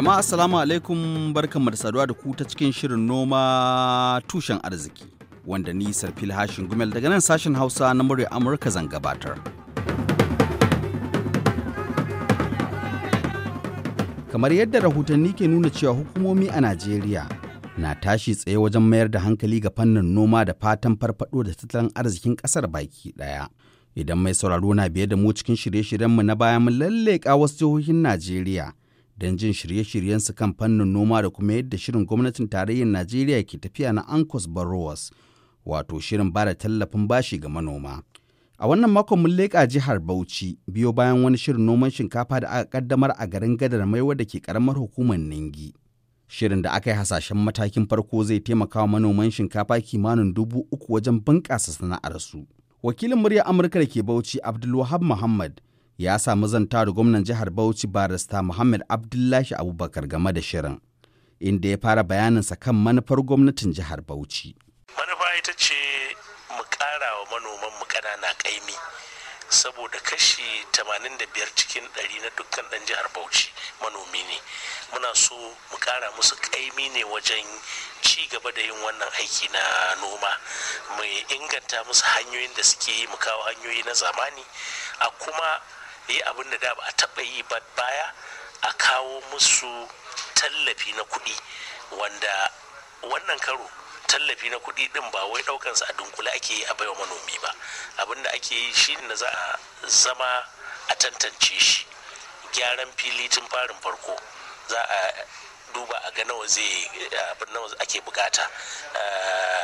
Jama'a assalamu alaikum barkan da saduwa da ku ta cikin shirin noma tushen arziki wanda ni Sarfil Hashin Gumel daga nan sashen Hausa na murya Amurka zan gabatar. Kamar yadda rahotanni ke nuna cewa hukumomi a Najeriya na tashi tsaye wajen mayar da hankali ga fannin noma da fatan farfado da tattalin arzikin ƙasar baki ɗaya. Idan mai sauraro na biye da mu cikin shirye-shiryenmu na baya mun lalle wasu jihohin Najeriya don jin shirye-shiryensu kan fannin noma da kuma yadda shirin gwamnatin tarayyar Najeriya ke tafiya na Ankos Borrowers, wato shirin ba da tallafin bashi ga manoma. A wannan makon mun leƙa jihar Bauchi biyo bayan wani shirin noman shinkafa da aka kaddamar a garin Gadar Maiwa da ke karamar hukumar Ningi. Shirin da aka yi hasashen matakin farko zai taimaka wa manoman shinkafa kimanin dubu uku wajen bunƙasa sana'arsu. Wakilin murya Amurka da ke Bauchi Abdulwahab Muhammad ya samu zanta da gwamnan jihar Bauchi barista Muhammad Abdullahi Abubakar game da shirin, inda ya fara bayaninsa kan manufar gwamnatin jihar Bauchi. Manufa ita ce mu kara wa manoman mu ƙanana ƙaimi saboda kashi 85 cikin 100 na dukkan ɗan jihar Bauchi manomi ne. Muna so mu kara musu kaimi ne wajen ci gaba da yin wannan aiki na noma mu inganta musu hanyoyin da suke yi mu kawo hanyoyi na zamani a kuma yi abin da da ba a taɓa yi ba baya a kawo musu tallafi na kuɗi wanda wannan karo tallafi na kuɗi ɗin ba wai ɗaukansa a dunkule ake yi a baiwa manomi ba abin da ake yi shi ne za a zama a tantance shi gyaran fili tun farin farko za a duba a ga nawa zai abin nawa ake bukata eh,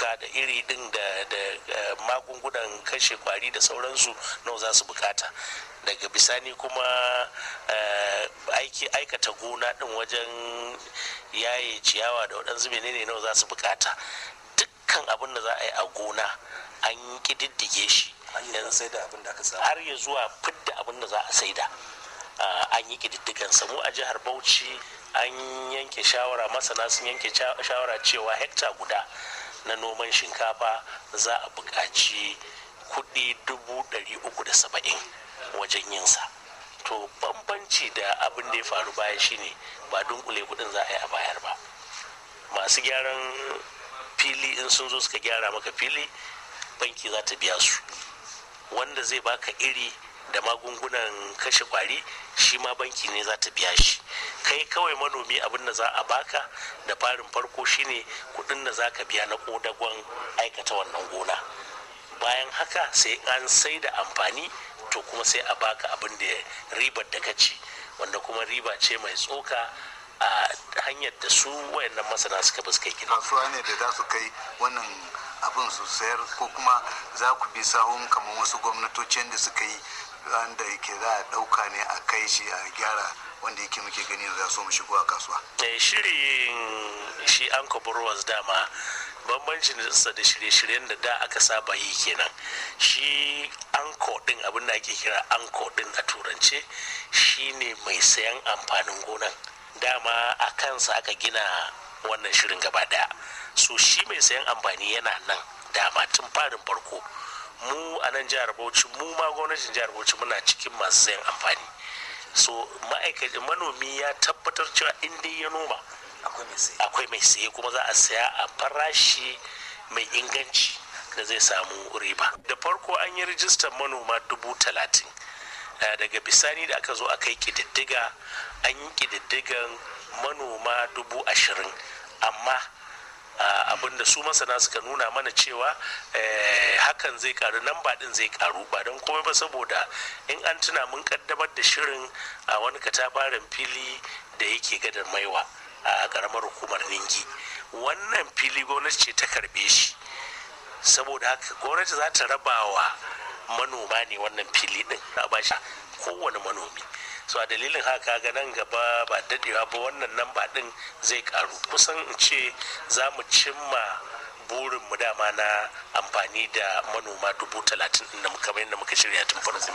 shuka da iri din da eh, magungunan kashe kwari da sauransu nawa za su bukata daga bisani kuma eh, aiki aikata gona din wajen yaye ciyawa da waɗansu menene nawa za su bukata dukkan abin da za a yi a gona an ƙididdige shi har ya zuwa fidda abin da za a saida eh, an yi ƙididdigan samu a jihar bauchi an yanke shawara masana sun yanke shawara cewa hekta guda na noman shinkafa za a buƙaci kuɗi dubu ɗari uku da saba'in wajen yinsa to bambanci da abin da ya faru baya shine ba dunkule kuɗin za a yi a bayar ba masu gyaran fili in sun zo suka gyara maka fili banki za ta biya su wanda zai baka iri da magungunan kashe kwari shi ma banki ne za ta biya shi kai kawai manomi abin da za a baka da farin farko shine kudin da za ka biya na kodagon aikata wannan gona bayan haka sai an sai da amfani to kuma sai a baka abin da ribar da ka ci wanda kuma riba ce mai tsoka a hanyar da su wayannan masana suka fuska gina kasuwa ne da za su kai wannan abin su sayar ko kuma za ku bi sahun kamar wasu gwamnatocin da suka yi wanda yake za a ɗauka ne a kai shi a gyara wanda yake muke gani za so mu shigo a kasuwa. Eh, shirin mm, shi an burwas dama bambancin sa da shirye-shiryen da da aka saba yi kenan shi anko din abin da ake kira anko din a turance shine mai sayan amfanin gonan dama a kansa aka gina wannan shirin gaba daya so shi mai sayan amfani yana nan dama tun farin farko mu a nan jihar bauchi mu ma gwamnatin jihar bauchi muna cikin masu sayan amfani so ma'aikacin manomi ya tabbatar cewa in ya noma akwai mai saye kuma za a saya a farashi mai inganci da zai samu riba da farko an yi rijistar manoma dubu talatin eh, daga bisani da aka zo a kai kididdiga an yi kididdigan manoma dubu ashirin amma abinda su masana suka nuna mana cewa eh, hakan zai karu nan ba din zai karu ba don komai ba saboda in an tuna mun kaddamar da shirin a wani katafaren fili da yake gadar maiwa a karamar hukumar ningi wannan fili gwamnati ce ta karbe shi saboda haka gwamnati za ta rabawa manoma ne wannan fili din a bashi kowane manomi so a dalilin haka ga nan gaba ba dadewa ba wannan namba din zai karu kusan in ce za mu cimma burin mu dama na amfani da manoma dubu talatin da muka bayan da muka shirya tun farko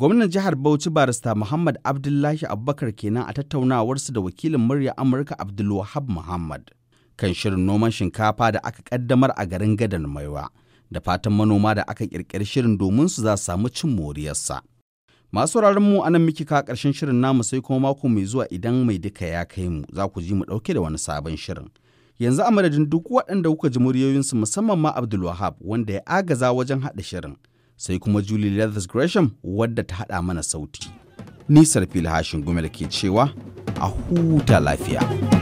gwamnan jihar bauchi barista muhammad abdullahi abubakar kenan a tattaunawarsu da wakilin murya amurka abdulwahab muhammad kan shirin noman shinkafa da aka kaddamar a garin gadan maiwa da fatan manoma da aka ƙirƙiri shirin domin su za samu cin moriyarsa. Masu mu a nan miki ka ƙarshen shirin namu sai kuma mako mai zuwa idan mai duka ya kai mu za ku ji mu ɗauke da wani sabon shirin. Yanzu a madadin duk waɗanda kuka ji muryoyinsu musamman ma Abdulwahab wanda ya agaza wajen haɗa shirin. Sai kuma Julie Leathers Gresham wadda ta haɗa mana sauti. Nisar fil hashin gumel ke cewa a huta lafiya.